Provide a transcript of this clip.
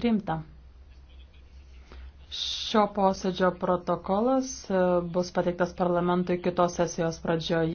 Priimta. Šio posėdžio protokolas e, bus pateiktas parlamentui kitos sesijos pradžioje.